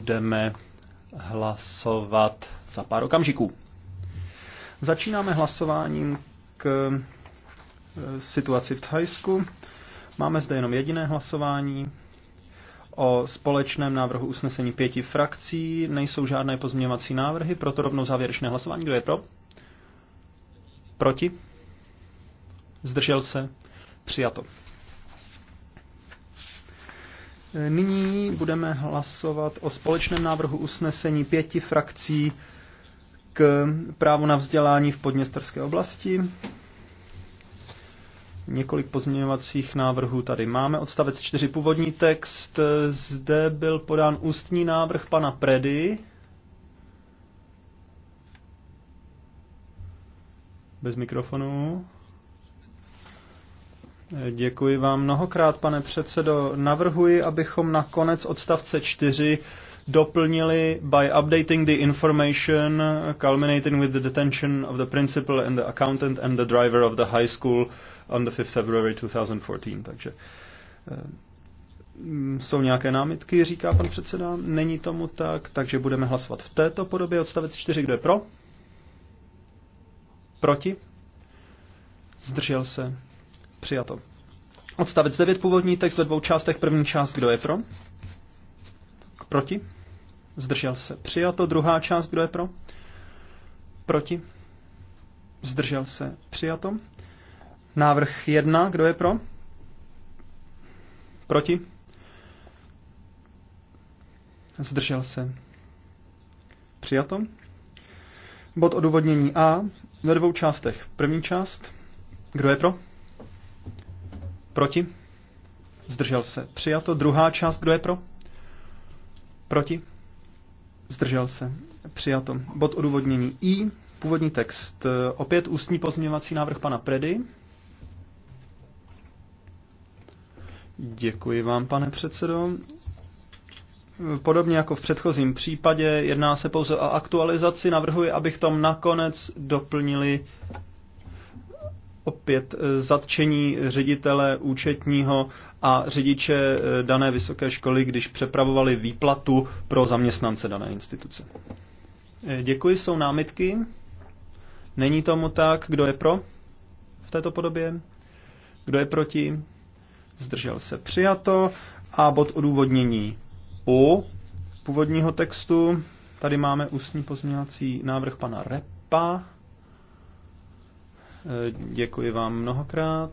budeme hlasovat za pár okamžiků. Začínáme hlasováním k e, situaci v Thajsku. Máme zde jenom jediné hlasování o společném návrhu usnesení pěti frakcí. Nejsou žádné pozměňovací návrhy, proto rovnou závěrečné hlasování. Kdo je pro? Proti? Zdržel se? Přijato. Nyní budeme hlasovat o společném návrhu usnesení pěti frakcí k právu na vzdělání v podněstrské oblasti. Několik pozměňovacích návrhů tady máme. Odstavec 4, původní text. Zde byl podán ústní návrh pana Predy. Bez mikrofonu. Děkuji vám mnohokrát, pane předsedo. Navrhuji, abychom na konec odstavce 4 doplnili by updating the information culminating with the detention of the principal and the accountant and the driver of the high school on the 5th February 2014. Takže eh, jsou nějaké námitky, říká pan předseda. Není tomu tak, takže budeme hlasovat v této podobě. Odstavec 4, kdo je pro? Proti? Zdržel se. Přijato. Odstavec 9, původní text ve dvou částech. První část, kdo je pro? Proti? Zdržel se. Přijato. Druhá část, kdo je pro? Proti? Zdržel se. Přijato. Návrh 1, kdo je pro? Proti? Zdržel se. Přijato. Bod odůvodnění A ve dvou částech. První část. Kdo je pro? Proti? Zdržel se. Přijato. Druhá část, kdo je pro? Proti? Zdržel se. Přijato. Bod odůvodnění I. Původní text. Opět ústní pozměňovací návrh pana Predy. Děkuji vám, pane předsedo. Podobně jako v předchozím případě, jedná se pouze o aktualizaci. Navrhuji, abychom nakonec doplnili opět eh, zatčení ředitele účetního a řidiče eh, dané vysoké školy, když přepravovali výplatu pro zaměstnance dané instituce. Eh, děkuji, jsou námitky? Není tomu tak. Kdo je pro v této podobě? Kdo je proti? Zdržel se přijato. A bod odůvodnění u původního textu. Tady máme ústní pozměňovací návrh pana Repa. Děkuji vám mnohokrát,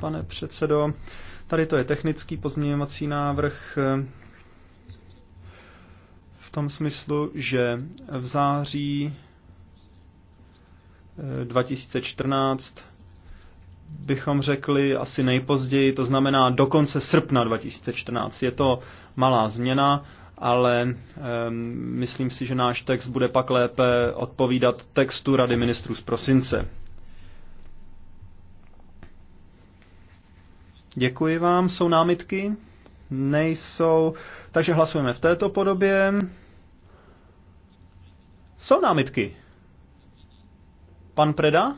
pane předsedo. Tady to je technický pozměňovací návrh v tom smyslu, že v září 2014 eh, bychom řekli asi nejpozději, to znamená do konce srpna 2014. Je to malá změna, ale um, myslím si, že náš text bude pak lépe odpovídat textu Rady ministrů z prosince. Děkuji vám. Jsou námitky? Nejsou. Takže hlasujeme v této podobě. Jsou námitky? Pan Preda?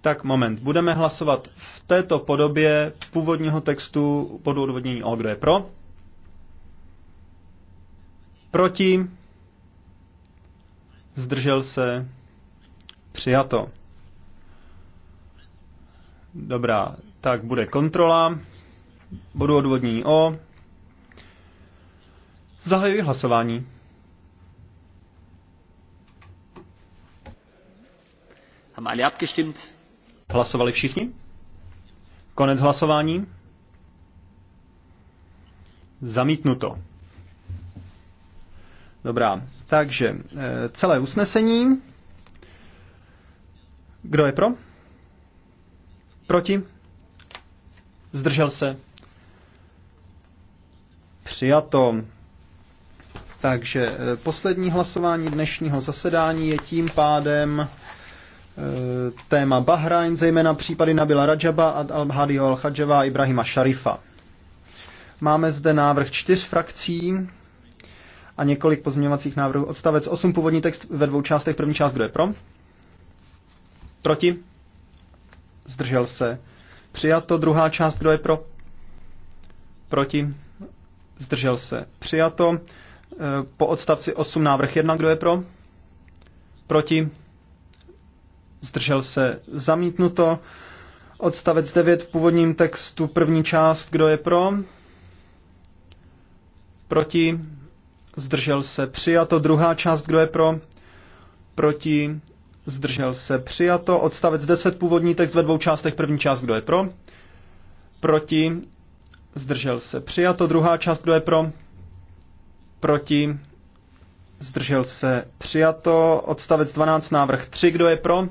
Tak moment, budeme hlasovat v této podobě původního textu pod odvodnění O, kdo je pro? Proti? Zdržel se? Přijato. Dobrá, tak bude kontrola. Budu odvodní O. Zahajuji hlasování. Hlasovali všichni? Konec hlasování? Zamítnuto. Dobrá, takže eh, celé usnesení. Kdo je pro? Proti? Zdržel se? Přijato. Takže eh, poslední hlasování dnešního zasedání je tím pádem eh, téma Bahrajn, zejména případy Nabila Rajaba, Al-Hadiho Al-Hadžava a Ibrahima Šarifa. Máme zde návrh čtyř frakcí, a několik pozměňovacích návrhů. Odstavec 8, původní text ve dvou částech. První část, kdo je pro? Proti? Zdržel se. Přijato. Druhá část, kdo je pro? Proti? Zdržel se. Přijato. E, po odstavci 8 návrh 1, kdo je pro? Proti? Zdržel se. Zamítnuto. Odstavec 9 v původním textu, první část, kdo je pro? Proti? zdržel se přijato. Druhá část, kdo je pro, proti, zdržel se přijato. Odstavec 10, původní text ve dvou částech, první část, kdo je pro, proti, zdržel se přijato. Druhá část, kdo je pro, proti, zdržel se přijato. Odstavec 12, návrh 3, kdo je pro,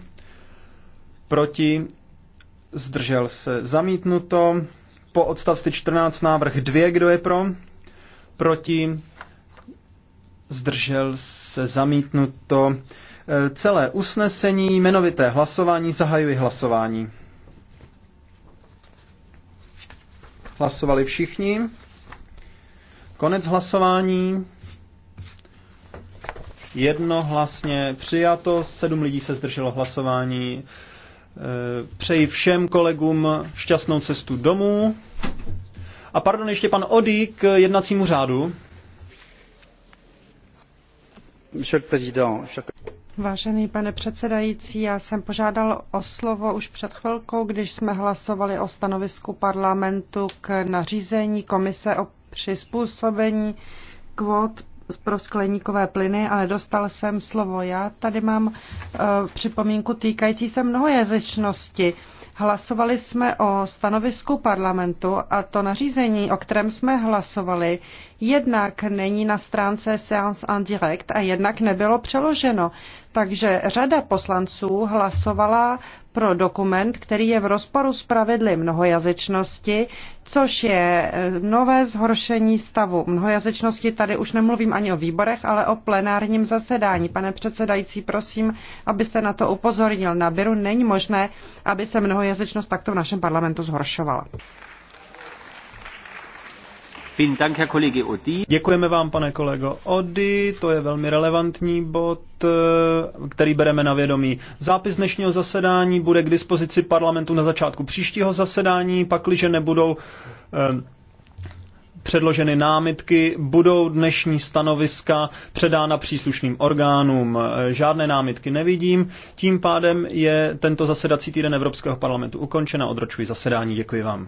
proti, zdržel se zamítnuto. Po odstavci 14 návrh 2, kdo je pro? Proti, zdržel se zamítnuto. E, celé usnesení, jmenovité hlasování, zahajuji hlasování. Hlasovali všichni. Konec hlasování. Jednohlasně přijato, sedm lidí se zdrželo hlasování. E, přeji všem kolegům šťastnou cestu domů. A pardon, ještě pan Odík k jednacímu řádu. Vážený pane předsedající, já jsem požádal o slovo už před chvilkou, když jsme hlasovali o stanovisku parlamentu k nařízení komise o přizpůsobení kvót pro skleníkové plyny, ale dostal jsem slovo. Já tady mám uh, připomínku týkající se mnohojazyčnosti. Hlasovali jsme o stanovisku parlamentu a to nařízení, o kterém jsme hlasovali, jednak není na stránce Seance en direct a jednak nebylo přeloženo. Takže řada poslanců hlasovala pro dokument, který je v rozporu s pravidly mnohojazyčnosti, což je e, nové zhoršení stavu mnohojazyčnosti. Tady už nemluvím ani o výborech, ale o plenárním zasedání. Pane předsedající, prosím, abyste na to upozornil. Na Biru není možné, aby se mnohojazyčnost jednojazyčnost takto v našem parlamentu zhoršovala. Děkujeme vám, pane kolego Ody, to je velmi relevantní bod, eh, který bereme na vědomí. Zápis dnešního zasedání bude k dispozici parlamentu na začátku příštího zasedání, pakliže nebudou eh, předloženy námitky, budou dnešní stanoviska předána příslušným orgánům. Žádné námitky nevidím, tím pádem je tento zasedací týden Evropského parlamentu ukončen a odročuji zasedání. Děkuji vám.